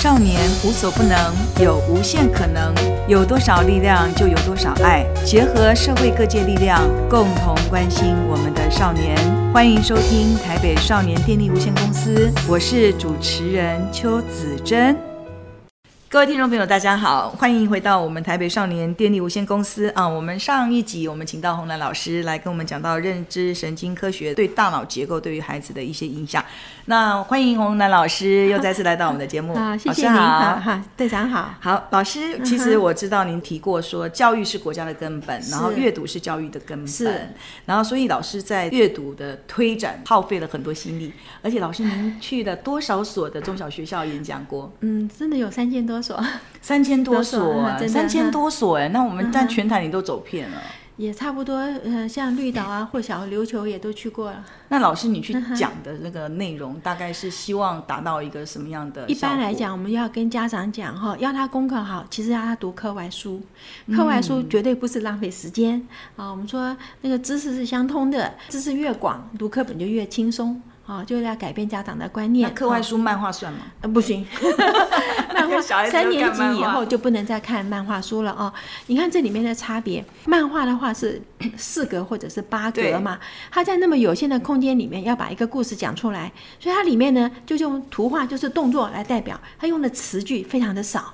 少年無所不能，有無限可能。有多少力量，就有多少愛。結合社會各界力量，共同關心我們的少年。歡迎收聽台北少年電力無限公司，我是主持人邱子珍。各位聽眾朋友，大家好，歡迎回到我們台北少年電力無限公司啊。我們上一集我們請到洪蘭老師來跟我們講到認知神經科學對大腦結構對於孩子的一些影響。那歡迎洪蘭老師又再次來到我們的節目啊，謝謝您，好，隊長好，好，老師、嗯，其實我知道您提過說，教育是國家的根本，然後閱讀是教育的根本，是，然後所以老師在閱讀的推展耗費了很多心力，而且老師您去了多少所的中小學校演講過？嗯，真的有三千多。所三千多所，多所、啊多所啊啊，三千多所哎、欸，那我們在全台你都走遍了、嗯，也差不多。呃，像綠島啊，或小琉球也都去過了。嗯、那老師，你去講的那個內容、嗯，大概是希望達到一個什麼樣的？一般來講，我們要跟家長講哈、哦，要他功課好，其實要他讀課外書，課外書絕對不是浪費時間、嗯、啊。我們說那個知識是相通的，知識越廣，讀課本就越輕鬆。啊，就是要改變家長的觀念。那課外書漫畫算嗎？呃、嗯，不行， 漫畫三年級以後就不能再看漫畫書了啊、哦！你看這裡面的差別，漫畫的話是四格或者是八格嘛，它在那麼有限的空間裡面要把一個故事講出來，所以它裡面呢就用圖畫就是動作來代表，它用的詞句非常的少。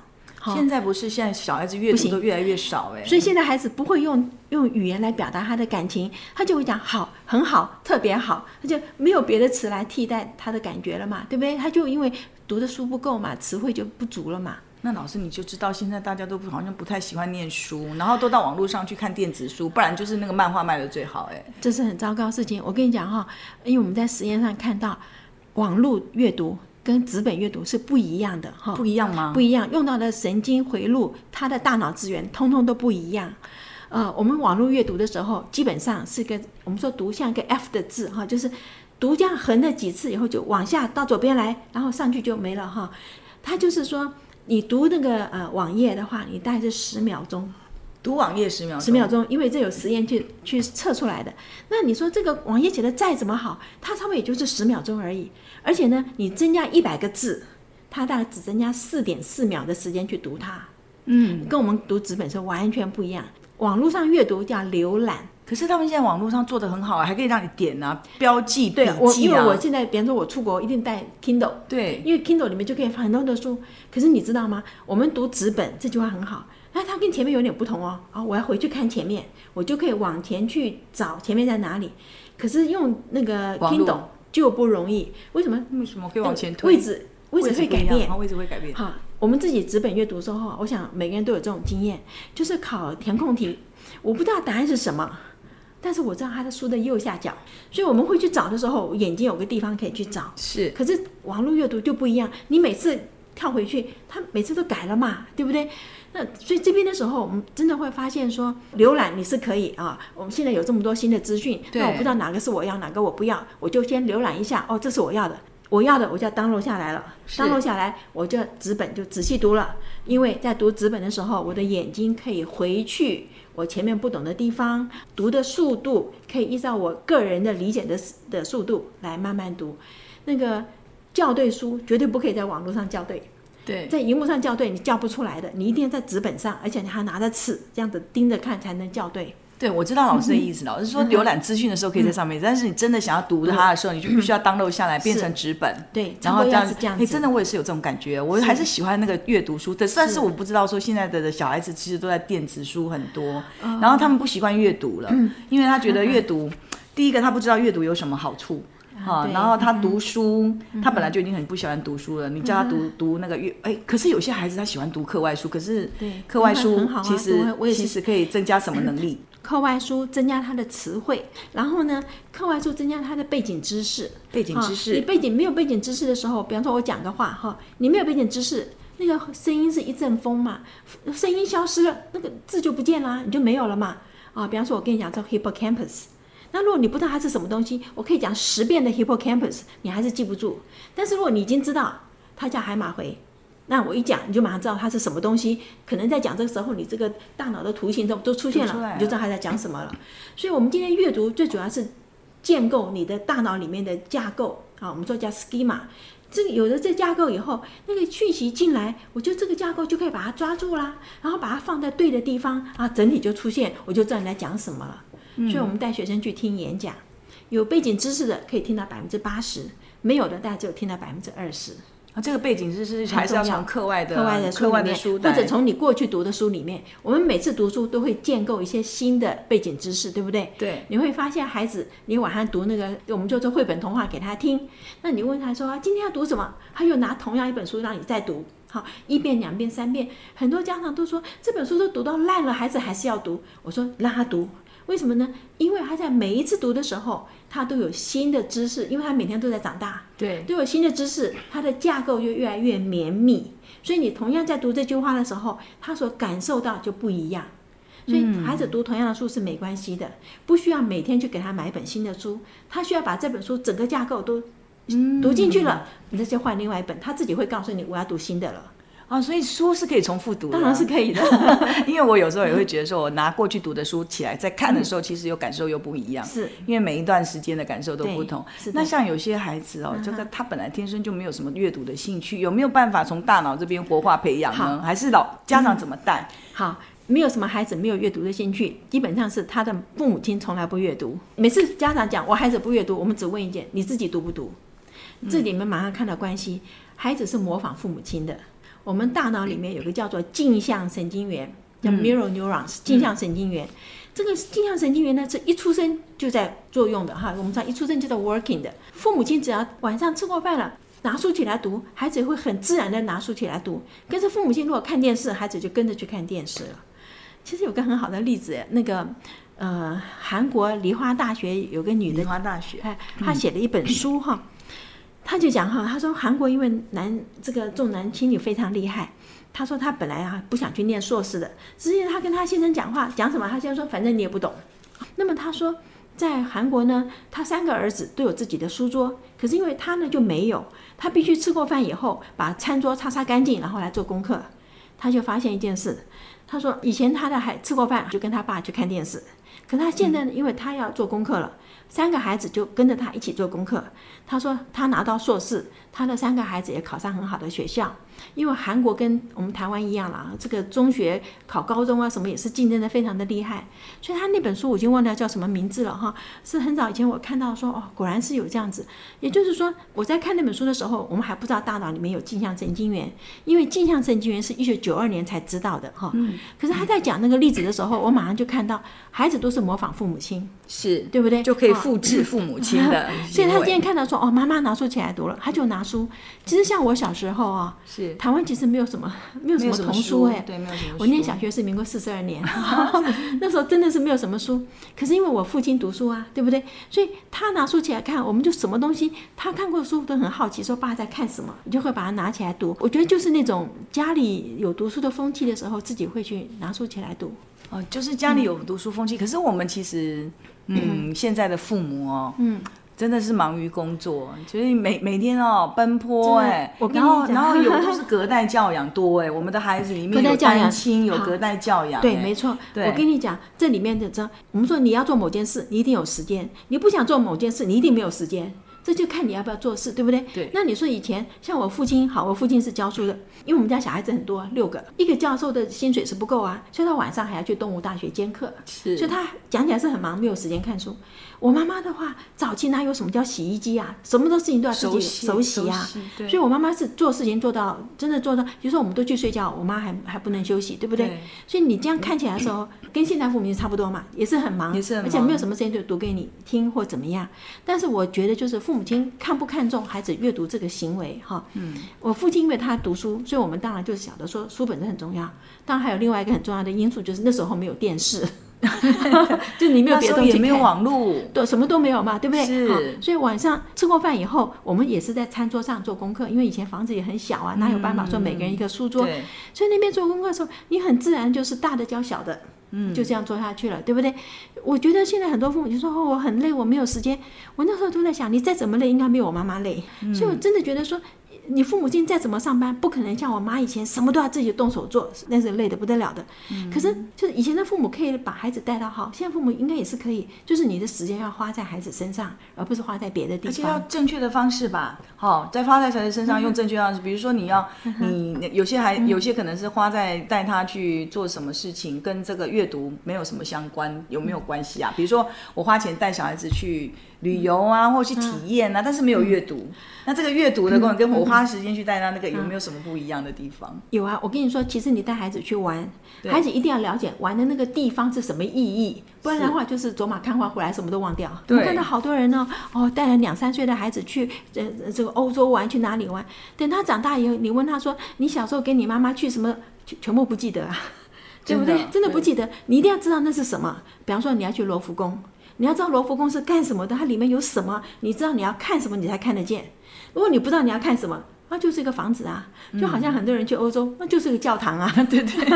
現在不是，現在小孩子閱讀都越來越少誒、欸哦，所以現在孩子不會用用語言來表達他的感情，他就會講好，很好，特別好，他就沒有別的詞來替代他的感覺了嘛，對不對？他就因為讀的書不夠嘛，詞彙就不足了嘛。那老師，你就知道現在大家都好像不太喜歡念書，然後都到網絡上去看電子書，不然就是那個漫畫賣得最好哎、欸。這是很糟糕的事情，我跟你講哈、哦，因為我們在實驗上看到，網絡閱讀。跟紙本閱讀是不一樣的哈，不一樣嗎？不一樣，用到的神經回路，它的大腦資源通通都不一樣。呃，我們網絡閱讀的時候，基本上是一個我們說讀像一個 F 的字哈，就是讀這樣橫了幾次以後，就往下到左邊來，然後上去就沒了哈。它就是說，你讀那個呃網頁的話，你大概是十秒鐘。讀網頁十秒鐘，十秒鐘，因為這有實驗去去測出來的。那你說這個網頁寫的再怎麼好，它差不多也就是十秒鐘而已。而且呢，你增加一百個字，它大概只增加四點四秒的時間去讀它。嗯，跟我們讀紙本是完全不一樣。網絡上閱讀叫瀏覽，可是他們現在網絡上做得很好啊，還可以讓你點啊、標記，對，筆記啊。我，因為我現在，比方說我出國我一定帶 Kindle，對，因為 Kindle 裡面就可以放很多的書。可是你知道嗎？我們讀紙本這句話很好。那它跟前面有點不同哦，啊，我要回去看前面，我就可以往前去找前面在哪裡。可是用那個聽懂就不容易，為什麼？為什麼可以往前推？位置位置會改變位，位置會改變。好，我們自己紙本閱讀的時候，我想每個人都有這種經驗，就是考填空題， 我不知道答案是什麼，但是我知道它的書的右下角，所以我們會去找的時候，眼睛有個地方可以去找。是，可是網絡閱讀就不一樣，你每次。跳回去，他每次都改了嘛，對不對？那所以這邊的時候，我們真的會發現說，瀏覽你是可以啊。我們現在有這麼多新的資訊，對，那我不知道哪個是我要，哪個我不要，我就先瀏覽一下。哦，這是我要的，我要的我就要 download 下來了。download 下來我就紙本就仔細讀了，因為在讀紙本的時候，我的眼睛可以回去我前面不懂的地方，讀的速度可以依照我個人的理解的的速度來慢慢讀，那個。校對書絕對不可以在網絡上校對，對，在熒幕上校對你校不出來的，你一定要在紙本上，而且你還拿着尺這樣子盯着看才能校對。對，我知道老師的意思老師、嗯、說瀏覽資訊的時候可以在上面、嗯，但是你真的想要讀它的時候，嗯、你就必須要 download 下來變成紙本。對，然後這樣，這樣子。你、欸、真的，我也是有這種感覺，我還是喜歡那個閱讀書。但是我不知道說現在的小孩子其實都在電子書很多，然後他們不習慣閱讀了、嗯，因為他覺得閱讀、嗯，第一個他不知道閱讀有什麼好處。好、啊，然後他讀書、嗯，他本來就已經很不喜歡讀書了。嗯、你叫他讀讀那個閱，哎，可是有些孩子他喜歡讀課外書，可是課外書對、啊、其實我也其實可以增加什麼能力？課外書增加他的詞彙，然後呢，課外書增加他的背景知識。背景知識，哦、你背景、嗯、沒有背景知識的時候，比方說我講個話哈、哦，你沒有背景知識，那個聲音是一陣風嘛，聲音消失了，那個字就不見了，你就沒有了嘛。啊、哦，比方說我跟你講叫 hippocampus。那如果你不知道它是什麼東西，我可以講十遍的 hippocampus，你還是記不住。但是如果你已經知道它叫海馬回，那我一講你就馬上知道它是什麼東西。可能在講這個時候，你這個大腦的圖形都都出現了，出來了，你就知道它在講什麼了。所以，我們今天閱讀最主要是建構你的大腦裡面的架構。啊，我們說叫 schema。這有了這架構以後，那個訊息進來，我就這個架構就可以把它抓住啦，然後把它放在對的地方啊，整體就出現，我就知道你在講什麼了。所以我們帶學生去聽演講，嗯，有背景知識的可以聽到百分之八十，沒有的大家只有聽到百分之二十。啊，這個背景知識還是要從課外的課外的課外的書裡面，或者從你過去讀的書裡面。我們每次讀書都會建構一些新的背景知識，對不對？對，你會發現孩子，你晚上讀那個，我們就做繪本童話給他聽。那你問他說今天要讀什麼，他又拿同樣一本書讓你再讀。好，一遍，兩遍，三遍，嗯、很多家長都說這本書都讀到爛了，孩子還是要讀。我說讓他讀。為什麼呢？因為他在每一次讀的時候，他都有新的知識，因為他每天都在長大，對，都有新的知識，他的架構就越來越綿密。所以你同樣在讀這句話的時候，他所感受到就不一樣。所以孩子讀同樣的書是沒關係的，嗯，不需要每天去給他買一本新的書，他需要把這本書整個架構都讀進去了，嗯，你再換另外一本，他自己會告訴你我要讀新的了。啊、哦，所以書是可以重複讀的，當然是可以的。 因為我有時候也會覺得說，我拿過去讀的書起來再看的時候，其實又感受又不一樣、嗯。是，因為每一段時間的感受都不同。那像有些孩子哦，就在他本來天生就沒有什麼閱讀的興趣、嗯，有沒有辦法從大腦這邊活化培養呢？還是老家長怎麼帶、嗯，好，沒有什麼孩子沒有閱讀的興趣，基本上是他的父母親從來不閱讀。每次家長講我孩子不閱讀，我們只問一件，你自己讀不讀？嗯、這裡面馬上看到關係，孩子是模仿父母親的。我們大腦裡面有個叫做鏡像神經元，嗯、叫 mirror neurons，鏡像神經元。嗯、這個鏡像神經元呢，是一出生就在作用的哈，我們知道一出生就在 working 的。父母親只要晚上吃過飯了，拿書起來讀，孩子會很自然的拿書起來讀。跟着父母親如果看電視，孩子就跟着去看電視了。其實有個很好的例子，那個呃，韓國梨花大學有個女的，梨花大學，她寫了一本書哈。嗯他就講哈，他說韓國因為男這個重男輕女非常厲害，他說他本來啊不想去念碩士的，實際上他跟他先生講話，講什麼？他先生說反正你也不懂。那麼他說在韓國呢，他三個兒子都有自己的書桌，可是因為他呢就沒有，他必須吃過飯以後把餐桌擦擦擦乾淨，然後來做功課。他就發現一件事。他說，以前他的孩子吃過飯就跟他爸去看電視，可他現在因為他要做功課了，三個孩子就跟着他一起做功課。他說，他拿到碩士，他的三個孩子也考上很好的學校。因為韓國跟我們台灣一樣啦，這個中學考高中啊，什麼也是競爭得非常的厲害。所以他那本書我已經忘掉叫什麼名字了哈，是很早以前我看到說哦，果然是有這樣子。也就是說我在看那本書的時候，我們還不知道大腦裡面有鏡像神經元，因為鏡像神經元是一九九二年才知道的哈。可是他在講那個例子的時候，我馬上就看到孩子都是模仿父母親，是對不對？就可以複製父母親的，哦。所以，他今天看到說哦，媽媽拿書起來讀了，他就拿書。其實像我小時候啊，哦。是。台灣其實沒有什麼，沒有什麼童書哎、欸。對，沒有。我念小學是民國四十二年， 那時候真的是沒有什麼書。可是因為我父親讀書啊，對不對？所以他拿書起來看，我們就什麼東西他看過的書都很好奇，說爸在看什麼，你就會把它拿起來讀。我覺得就是那種家裡有讀書的風氣的時候，自己會去拿書起來讀。哦，就是家裡有讀書風氣、嗯。可是我們其實嗯，嗯，現在的父母哦，嗯。真的是忙於工作，所以每每天哦奔波，對、欸，然後然後有都是隔代教養多、欸、我們的孩子裡面有單親 有隔代教養，欸、對，沒錯對。我跟你講，這裡面的這，我們說你要做某件事，你一定有時間；你不想做某件事，你一定沒有時間。這就看你要不要做事，對不對？對。那你說以前像我父親好，我父親是教書的，因為我們家小孩子很多，六個，一個教授的薪水是不夠啊，所以他晚上還要去動物大學兼課，是所以他講起來是很忙，沒有時間看書。我媽媽的話，早期哪有什麼叫洗衣機啊，什麼的事情都要自己手洗啊，所以我媽媽是做事情做到真的做到，比如說我們都去睡覺，我媽還還不能休息，對不對，對？所以你這樣看起來的時候，嗯、跟現在父母差不多嘛，也是很忙，也是很忙，而且沒有什麼時間就讀給你聽或怎麼樣。但是我覺得就是父母親看不看重孩子閱讀這個行為哈，嗯，我父親因為他讀書，所以我們當然就曉得說書本是很重要。當然還有另外一個很重要的因素就是那時候沒有電視。 就你沒有別的東西， 也沒有網絡，對，什麼都沒有嘛，對不對？是。所以晚上吃過飯以後，我們也是在餐桌上做功課，因為以前房子也很小啊，哪有辦法說每個人一個書桌？嗯、所以那邊做功課的時候，你很自然就是大的教小的，就這樣做下去了，嗯，對不對？我覺得現在很多父母就說，哦，我很累，我沒有時間。我那時候都在想，你再怎麼累，應該沒有我媽媽累，嗯。所以我真的覺得說。你父母親再怎麼上班，不可能像我媽以前什麼都要自己動手做，那是累得不得了的、嗯。可是就是以前的父母可以把孩子帶到好，現在父母應該也是可以，就是你的時間要花在孩子身上，而不是花在別的地方。而且要正確的方式吧，好、哦，在花在孩子身上用正確的方式、嗯，比如說你要你有些還、嗯、有些可能是花在帶他去做什麼事情，嗯、跟這個閱讀沒有什麼相關、嗯，有沒有關係啊？比如說我花錢帶小孩子去旅遊啊，嗯、或去體驗啊，但是沒有閱讀，嗯、那這個閱讀的功能跟我花、嗯花時間去帶他那個有沒有什麼不一樣的地方？嗯，有啊，我跟你說，其實你帶孩子去玩，孩子一定要了解玩的那個地方是什麼意義，不然的話就是走馬看花回來什麼都忘掉。我看到好多人呢，哦，哦，帶了兩三歲的孩子去這這個歐洲玩，去哪裡玩？等他長大以後，你問他說，你小時候跟你媽媽去什麼去，全部不記得啊，對不對？真的不記得。你一定要知道那是什麼，比方說你要去羅浮宮。你要知道羅浮宮是幹什麼的，它裡面有什麼？你知道你要看什麼，你才看得見。如果你不知道你要看什麼，那就是一個房子啊，就好像很多人去歐洲，那就是一個教堂啊，嗯、 對、對， 對不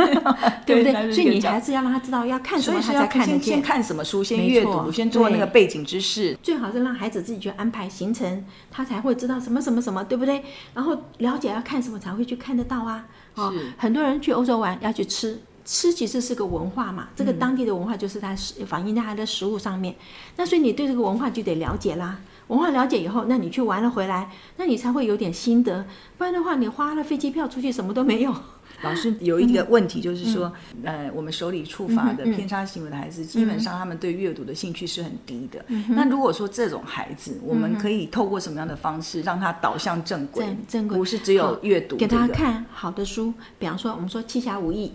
對，對不對？所以你還是要讓他知道要看什麼，他才看得見。先，先看什麼書，先閱讀，先做那個背景知識，最好是讓孩子自己去安排行程，他才會知道什麼什麼什麼，對不對？然後了解要看什麼，才會去看得到啊。啊、哦，很多人去歐洲玩要去吃。吃其實是個文化嘛，這個當地的文化就是它反映在它的食物上面，嗯。那所以你對這個文化就得了解啦。文化了解以後，那你去玩了回來，那你才會有點心得。不然的話，你花了飛機票出去，什麼都沒有。老師有一個問題就是說，嗯，呃，我們手裡觸法的偏差行為的孩子，嗯嗯、基本上他們對閱讀的興趣是很低的。嗯嗯、那如果說這種孩子，嗯，我們可以透過什麼樣的方式讓他導向正軌？正、正軌不是只有閱讀，這個，給他看好的書，比方說我們說七俠五義。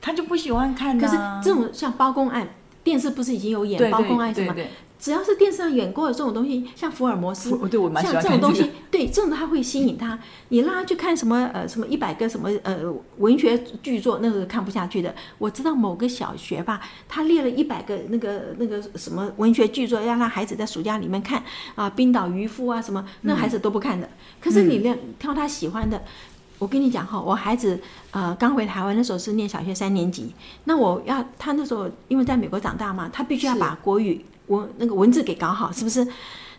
他就不喜歡看、啊。可是這種像包公案，電視不是已經有演包公案什麼？只要是電視上演過的這種東西，像福爾摩斯，對，我蠻喜歡看像這種東西。對，這種他會吸引他。你讓他去看什麼呃什麼一百個什麼呃文學巨作，那個看不下去的。我知道某個小學吧，他列了一百個那個那個什麼文學巨作，要讓他孩子在暑假裡面看啊、呃，冰島漁夫啊什麼，那個、孩子都不看的。嗯、可是你讓挑他喜歡的。嗯我跟你講哈、哦，我孩子呃剛回台灣的時候是念小學三年級，那我要他那時候因為在美國長大嘛，他必須要把國語我那個文字給搞好，是不是？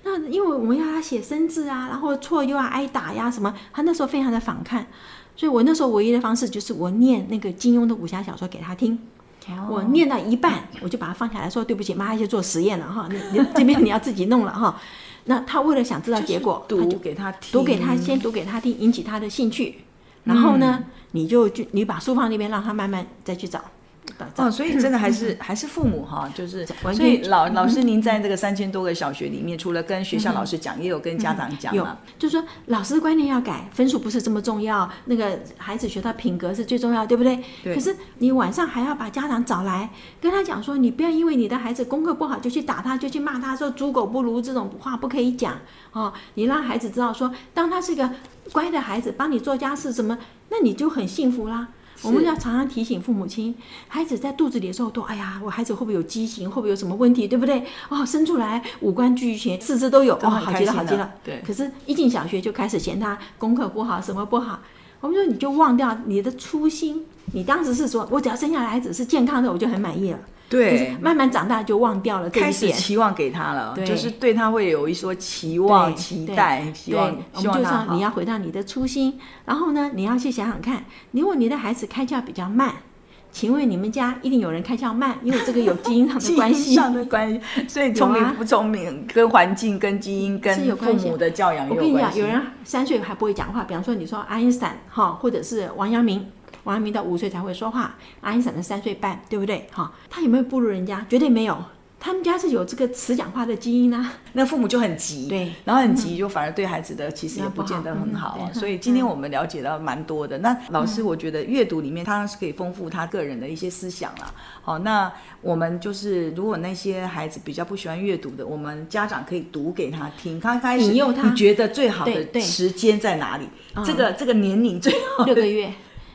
那因為我們要他寫生字啊，然後錯又要，啊、挨打呀，什麼，他那時候非常的反抗，所以我那時候唯一的方式就是我念那個金庸的武俠小說給他聽。哦、我念到一半我就把他放下來說 對不起媽，媽媽去做實驗了哈，那你這邊你要自己弄了哈。那他為了想知道結果，就是，他，他就給他讀給他先讀給他聽，引起他的興趣。然後呢，嗯、你就去，你把書放那邊，讓他慢慢再去找。哦，所以真的還是、嗯、還是父母哈、哦，就是所以、嗯、老老師您在這個三千多個小學裡面，除了跟學校老師講，嗯、也有跟家長講嘛、嗯，就說老師的觀念要改，分數不是這麼重要，那個孩子學到品格是最重要，對不對？對。可是你晚上還要把家長找來，跟他講說，你不要因為你的孩子功課不好就去打他，就去罵他，說豬狗不如這種話不可以講哦，你讓孩子知道說，當他是個乖的孩子，幫你做家事什麼，那你就很幸福啦。我們要常常提醒父母親，孩子在肚子裡的時候都哎呀，我孩子會不會有畸形，會不會有什麼問題，對不對？哦，生出來五官俱全，四肢都有，哇、哦，好極了，好極了。對，可是一進小學就開始嫌他功課不好，什麼不好。我們說你就忘掉你的初心，你當時是說我只要生下來孩子是健康的，我就很滿意了。對，慢慢長大就忘掉了這一點。開始期望給他了，對，就是對他會有一說期望、期待，期待希望希望他。就說你要回到你的初心，然後呢，你要去想想看，如果你的孩子開竅比較慢。請問你們家一定有人開竅慢，因為這個有基因上的關係。 基因上的關係，所以聰明不聰明、啊、跟環境、跟基因、跟父母的教養有關係。我跟你講，有人三歲還不會講話，比方說你說愛因斯坦哈，或者是王陽明。王陽明到五歲才會說話，阿英嫂的三歲半，對不對？哈、哦，他有沒有不如人家？絕對沒有。他們家是有這個詞講話的基因呢、啊。那父母就很急，對，然後很急、嗯，就反而對孩子的其實也不見得很好、啊嗯。所以今天我們了解到蠻多的、嗯。那老師，我覺得閱讀裡面他是可以豐富他個人的一些思想了、啊嗯。好，那我們就是如果那些孩子比較不喜歡閱讀的，我們家長可以讀給他聽，剛開始用他，你覺得最好的時間在哪裡？這個、嗯、這個年齡最好六個月。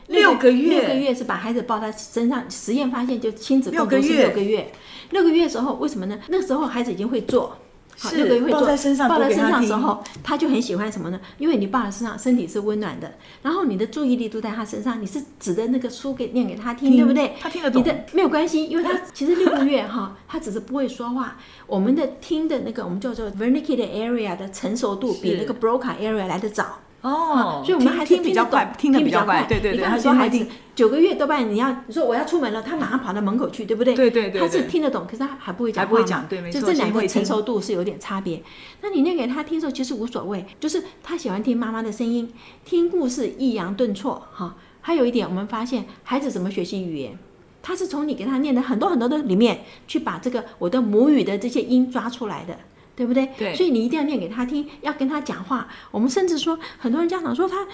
那個、六個月，六個月是把孩子抱在身上，實驗發現就親子共讀是六個月。六個月時候為什麼呢？那個時候孩子已經會坐好，六個月會坐。抱在身上，抱在身上時候，他就很喜歡什麼呢？因為你抱在身上，身體是溫暖的，然後你的注意力都在他身上，你是指的那個書給念給他聽,聽，對不對？他聽得懂。你的沒有關係，因為他其實六個月哈、 哦，他只是不會說話。我們的聽的那個我們叫做 Wernicke's area 的成熟度比那個 Broca's area 來得早。哦、oh, 啊，所以我們還聽，聽，聽，比，較聽，聽比較快，聽得比較快。對對對，你看很多孩子九個月多半你要，你說我要出門了，他馬上跑到門口去，對不對？對對對，對，對，他是聽得懂，可是他還不會講。還不會講，對，沒錯。就這兩個成熟度是有點差別。那你念給他聽的時候，其實無所謂，就是他喜歡聽媽媽的聲音，聽故事抑揚頓挫，哈、啊。還有一點，我們發現孩子怎麼學習語言，他是從你給他念的很多很多的裡面，去把這個我的母語的這些音抓出來的。對不對？對，所以你一定要念給他聽，要跟他講話。我們甚至說，很多人家長說他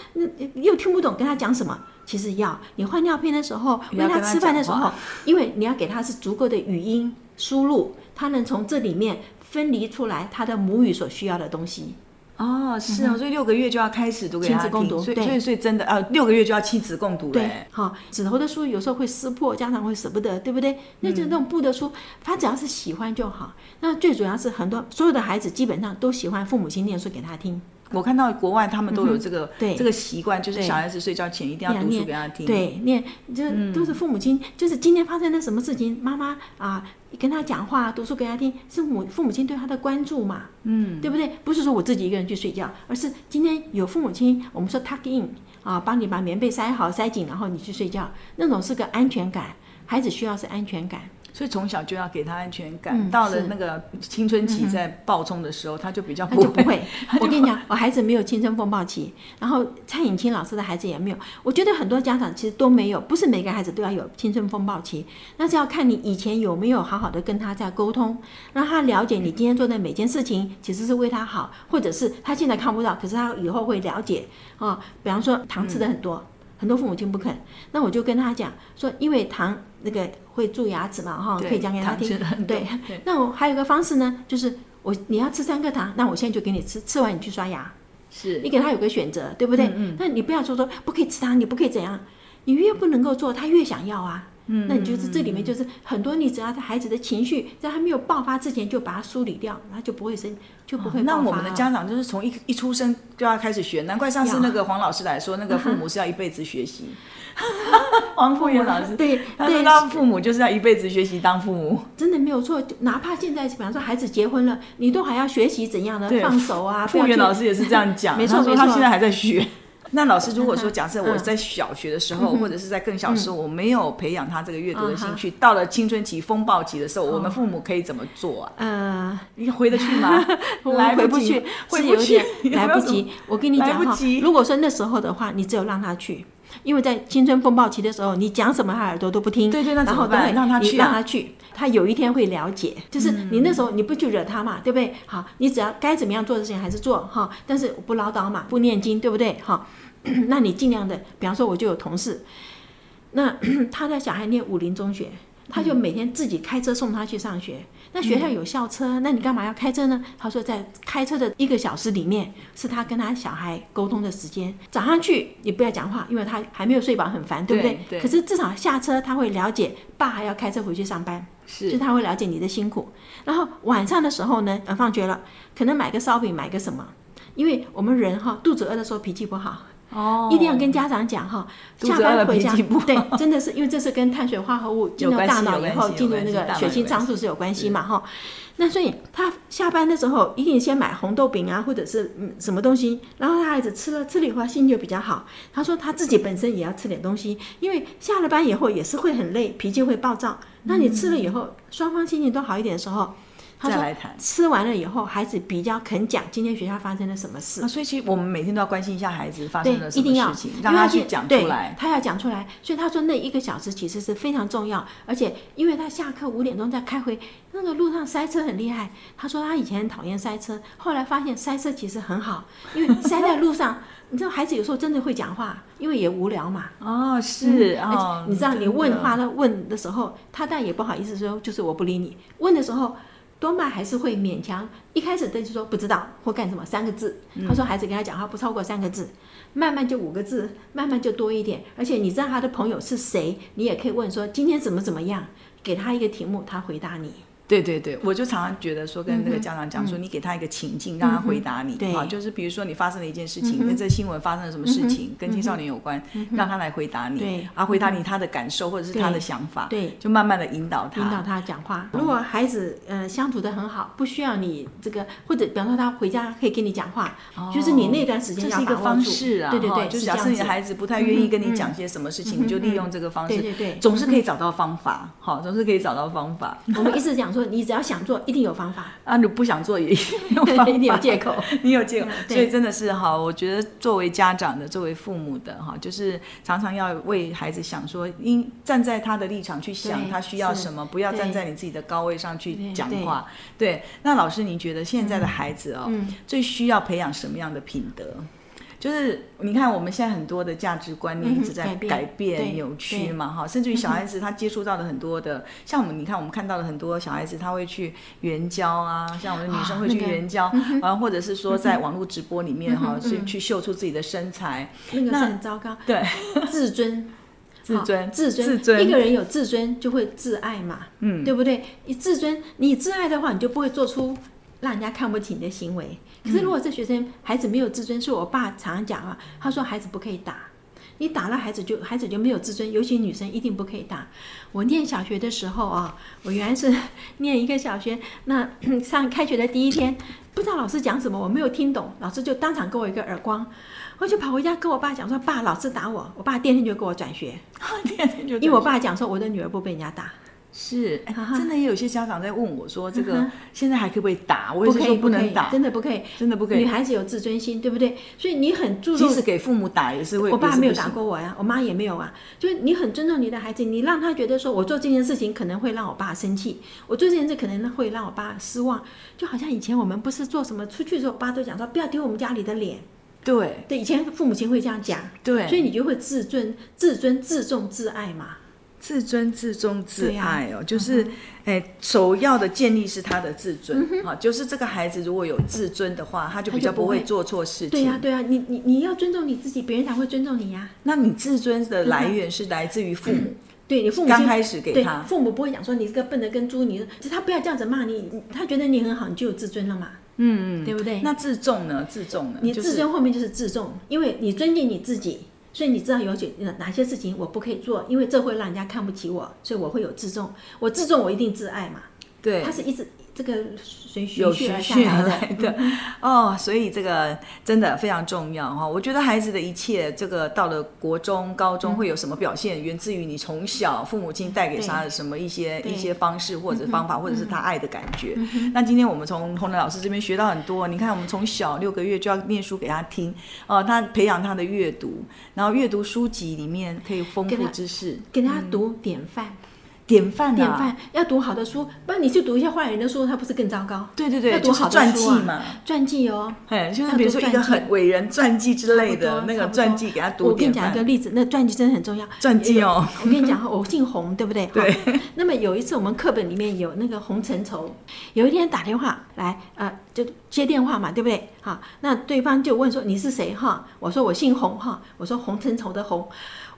又聽不懂，跟他講什麼。其實要你換尿片的時候，餵他吃飯的時候，因為你要給他是足夠的語音輸入，他能從這裡面分離出來他的母語所需要的東西。哦，是啊、哦，所以六個月就要開始讀給他聽，所以所以真的，呃，六個月就要親子共讀，對，好、哦，紙頭的書有時候會撕破，家長會舍不得，對不對？那就那種布的書，他只要是喜歡就好。那最主要是很多所有的孩子基本上都喜歡父母親念書給他聽。我看到國外他們都有這個、嗯、對這個習慣，就是小孩子睡覺前一定要讀書給他聽，對，念就是、都是父母親、嗯，就是今天發生了什麼事情，媽媽啊跟他講話，讀書給他聽，是母父母親對他的關注嘛，嗯，對不對？不是說我自己一個人去睡覺，而是今天有父母親，我們說 tuck in 啊，幫你把棉被塞好塞緊，然後你去睡覺，那種是個安全感，孩子需要是安全感。所以從小就要給他安全感、嗯，到了那個青春期在暴衝的時候，嗯、他就比較他就,他就不會。我跟你講， 我孩子沒有青春風暴期，然後蔡穎青老師的孩子也沒有。我覺得很多家長其實都沒有，不是每個孩子都要有青春風暴期，那是要看你以前有沒有好好的跟他在溝通，讓他了解你今天做的每件事情其實是為他好，嗯、或者是他現在看不到，可是他以後會了解啊、哦。比方說，糖吃得很多。嗯很多父母親不肯，那我就跟他講說，因為糖那個會蛀牙齒嘛，哈、嗯哦，可以講給他聽。對，對對對，那我還有個方式呢，就是我你要吃三個糖，那我現在就給你吃，吃完你去刷牙。是，你給他有個選擇，對不對？嗯嗯。那你不要說說不可以吃糖，你不可以怎樣，你越不能夠做，他越想要啊。嗯，那你就是這裡面就是很多，你只要在孩子的情緒在他沒有爆發之前，就把它梳理掉，他就不會生，就不會、啊。那我們的家長就是從一一出生就要開始學，難怪上次那個黃老師來說，那個父母是要一輩子學習。黃富源老師對，他說當父母就是要一輩子學習當父母，真的沒有錯。哪怕現在比方說孩子結婚了，你都還要學習怎樣的放手啊。富源老師也是這樣講， 沒錯，他，他現在還在學。那老師，如果說假設我在小學的時候，或者是在更小時候，我沒有培養他這個閱讀的興趣、嗯嗯，到了青春期風暴期的時候、哦，我們父母可以怎麼做、啊哦？呃，你回得去嗎？來、啊、回、回不去，會有點來不及。我跟你講哈，如果說那時候的話，你只有讓他去，因為在青春風暴期的時候，你講什麼他耳朵都不聽。對對，那怎麼辦？然後對，你讓他去、啊，他有一天會了解。就是你那時候你不去惹他嘛，嗯、對不對？好，你只要該怎麼樣做的事情還是做哈，但是不嘮叨嘛，不念經，對不對？哈。 那你盡量的，比方說我就有同事，那 他的小孩念武林中學，他就每天自己開車送他去上學。嗯、那學校有校車、嗯，那你幹嘛要開車呢？他說，在開車的一個小時裡面，是他跟他小孩溝通的時間。早上去你不要講話，因為他還沒有睡飽，很煩，對不對？對、對？可是至少下車他會了解爸還要開車回去上班，是、就是，他會了解你的辛苦。然後晚上的時候呢，呃、啊，放學了，可能買個燒餅，買個什麼？因為我們人哈、哦，肚子餓的時候脾氣不好。哦、oh，一定要跟家長講哈、哦，下班回家對，真的是因為這是跟碳水化合物進入大腦以後進入那個血清素是有關係嘛哈。那所以他下班的時候一定先買紅豆餅啊或者是什麼東西，然後他孩子吃了吃的話，心情就比較好。他說他自己本身也要吃點東西，因為下了班以後也是會很累，脾氣會暴躁、嗯。那你吃了以後，雙方心情都好一點的時候他說再來談吃完了以後，孩子比較肯講今天學校發生了什麼事啊。所以其實我們每天都要關心一下孩子發生了什麼事情，對，一定要讓他去講出來對。他要講出來，所以他說那一個小時其實是非常重要。而且，因為他下課五點鐘在開會，那個路上塞車很厲害。他說他以前討厭塞車，後來發現塞車其實很好，因為塞在路上， 你知道孩子有時候真的會講話，因為也無聊嘛。 嗯、哦，是哦，而且你知道，你真的。你問話他問的時候，他但也不好意思說，就是我不理你。問的時候。多半還是會勉強。一開始都是說不知道或幹什麼三個字。嗯、他說孩子跟他講話不超過三個字，慢慢就五個字，慢慢就多一點。而且你知道他的朋友是誰，你也可以問說今天怎麼怎麼樣，給他一個題目，他回答你。對對對，我就常常覺得說，跟那個家長講說，你給他一個情境，嗯、讓他回答你啊，就是比如說你發生了一件事情，嗯、跟這新聞發生了什麼事情，嗯、跟青少年有關、嗯，讓他來回答你，對。啊，回答你他的感受或者是他的想法，對，對就慢慢的引導他引導他講話。如果孩子呃相處的很好，不需要你這個，或者比方說他回家可以跟你講話，哦、就是你那段時間要把握住，這是一個方式啊，對對對，哦、就是假設你的孩子不太願意跟你講些什麼事情，嗯、你就利用這個方式，對對對，總是可以找到方法、嗯，好，總是可以找到方法。 我們一直講說。你只要想做，一定有方法。啊，你不想做也一定有方法。 你有借口，你有借口。所以真的是哈，我覺得作為家長的，作為父母的哈，就是常常要為孩子想說，應站在他的立場去想，他需要什麼，不要站在你自己的高位上去講話。對，對對，那老師，你覺得現在的孩子哦，嗯嗯，最需要培養什麼樣的品德？就是你看我們現在很多的價值觀念一直在改變扭、嗯、曲、嗯、嘛哈，甚至於小孩子他接觸到了很多的、嗯，像我們你看我們看到了很多小孩子他會去援交啊、哦，像我們女生會去援交，然、那、後、個嗯啊、或者是說在網絡直播裡面哈、嗯嗯、去去秀出自己的身材，那個是很糟糕，對，自尊，自尊，自尊，自尊，一個人有自尊就會自愛嘛，嗯，對不對？你自尊，你自愛的話，你就不會做出讓人家看不起你的行為。可是，如果這學生孩子沒有自尊，是我爸常常講啊。他說孩子不可以打，你打了孩子就孩子就沒有自尊，尤其女生一定不可以打。我念小學的時候啊、哦，我原來是念一個小學，那上開學的第一天，不知道老師講什麼，我沒有聽懂，老師就當場給我一個耳光，我就跑回家跟我爸講說：“爸，老師打我。”我爸第二天就給我轉學，第二天就轉學，因為我爸講說我的女兒不被人家打。是，真的也有些家長在問我說，說、uh -huh. 這個現在還可以不可以打？不可以，我也是說不能打，不可以，真的不可以，真的不可以。女孩子有自尊心，對不對？所以你很注重，就是給父母打也是會。我爸沒有打過我呀、啊，我媽也沒有啊。就是你很尊重你的孩子，你讓他覺得說，我做這件事情可能會讓我爸生氣，我做這件事可能會讓我爸失望。就好像以前我們不是做什麼出去之後，爸都講說，不要丟我們家裡的臉。對對，以前父母親會這樣講。對，所以你就會自尊、自尊、自重、自愛嘛。自尊、自重、自愛哦，啊、就是，嗯、哎，首要的建立是他的自尊、嗯、啊。就是這個孩子如果有自尊的話，他就比較不會做錯事情。對呀、啊，對啊，你你你要尊重你自己，別人才會尊重你呀、啊。那你自尊的來源是來自於父母？嗯嗯、對，你父母剛開始給他，父母不會講說你是個笨的跟豬，你其實他不要這樣子罵你，他覺得你很好，你就有自尊了嘛。嗯嗯，對不對？那自重呢？自重呢？你自尊後面就是自重，就是、因為你尊敬你自己。所以你知道有些哪些事情我不可以做，因為這會讓人家看不起我，所以我會有自重。我自重，我一定自愛嘛。對，對他是一直。這個循，循，序有循序而來的哦，oh, 所以這個真的非常重要哈、哦。我覺得孩子的一切，這個到了國中、高中會有什麼表現，源自於你從小父母親帶給他的什麼一些一些方式或者方法，或者是他愛的感覺。嗯嗯、那今天我們從洪蘭老師這邊學到很多。你看，我們從小六個月就要念書給他聽哦、呃，他培養他的閱讀，然後閱讀書籍裡面可以豐富知識，給他，給他讀典範。嗯典範典範，啊、典範，要讀好的書，不然你去讀一些壞人的書，他不是更糟糕？對對對，要讀好的書，啊就是、傳記嘛，傳記哦，哎，就是比如說一個很偉人傳記之類的，哦，那個傳記給他讀。我跟你講一個例子，那傳記真的很重要。傳記哦， 我跟你講哈，我姓洪，對不對？對。那麼有一次我們課本裡面有那個洪承疇，有一天打電話來，呃，就接電話嘛，對不對？好，那對方就問說你是誰哈？我說我姓洪哈，我說洪承疇的洪。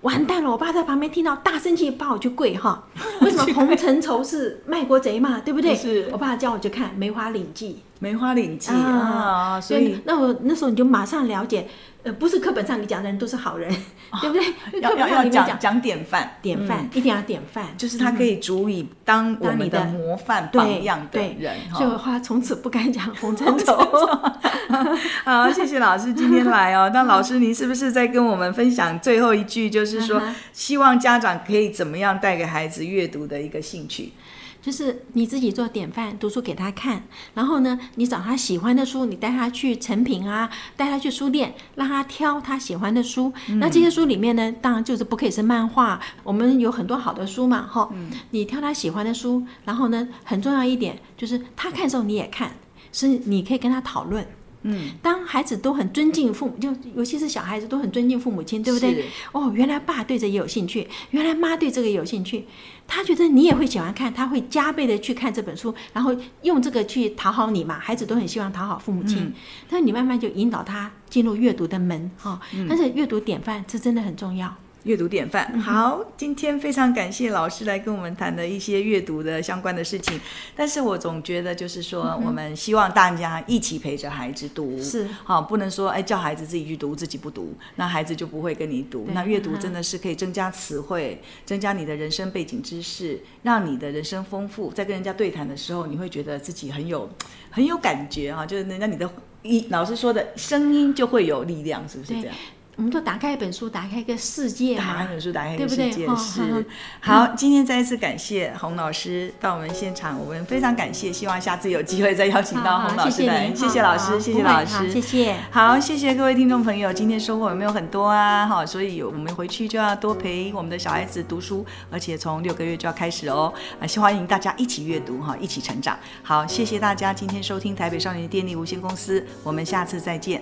完蛋了！我爸在旁邊聽到大，大生氣把我去跪哈。為什麼洪承疇是賣國賊嘛？ 對不對不是？我爸叫我去看《梅花嶺記》。梅花嶺記啊，啊，所以，所以那我那時候你就馬上了解，呃，不是課本上你講的人都是好人，啊、 對不對？要要講講典範，典、嗯、範、嗯、一定要典範，就是他可以足以當我們的模範榜樣的人哈、哦。所以我從此不敢講洪承疇。 好，謝謝老師今天來哦。那老師您是不是在跟我們分享最後一句，就是說希望家長可以怎麼樣帶給孩子閱讀的一個興趣？就是你自己做典範，讀書給他看，然後呢，你找他喜歡的書，你帶他去誠品啊，帶他去書店，讓他挑他喜歡的書。嗯、那這些書裡面呢，當然就是不可以是漫畫。我們有很多好的書嘛，哈、嗯，你挑他喜歡的書，然後呢，很重要一點就是他看的時候，你也看，是你可以跟他討論。嗯，當孩子都很尊敬父母，就尤其是小孩子都很尊敬父母親，對不對？哦，原來爸對這也有興趣，原來媽對這個也有興趣，他覺得你也會喜歡看，他會加倍的去看這本書，然後用這個去討好你嘛。孩子都很希望討好父母親，嗯，但是你慢慢就引導他進入閱讀的門哈，哦。但是閱讀典範，是真的很重要。閱讀典範。好，今天非常感謝老師來跟我們談的一些閱讀的相關的事情。但是我總覺得就是說，我們希望大家一起陪着孩子讀，是好，哦，不能說哎、欸、叫孩子自己去讀，自己不讀，那孩子就不會跟你讀。那閱讀真的是可以增加詞彙，增加你的人生背景知識，讓你的人生豐富，在跟人家對談的時候，你會覺得自己很有很有感覺啊、哦，就是能讓你的，一老師說的聲音就會有力量，是不是這樣？我們就打開一本書，打開一個世界，打開一本書，打開一個世界對對是。哦、好、嗯，今天再一次感謝洪老師到我們現場、嗯，我們非常感謝，希望下次有機會再邀請到洪老師來、嗯嗯。謝謝老師，謝謝老師，謝謝老師，謝謝。好，謝謝各位聽眾朋友，今天收穫有沒有很多啊？好，所以我們回去就要多陪我們的小孩子讀書，而且從六個月就要開始哦。啊，歡迎大家一起閱讀哈，一起成長。好、嗯，謝謝大家今天收聽台北少年電力無限公司，我們下次再見。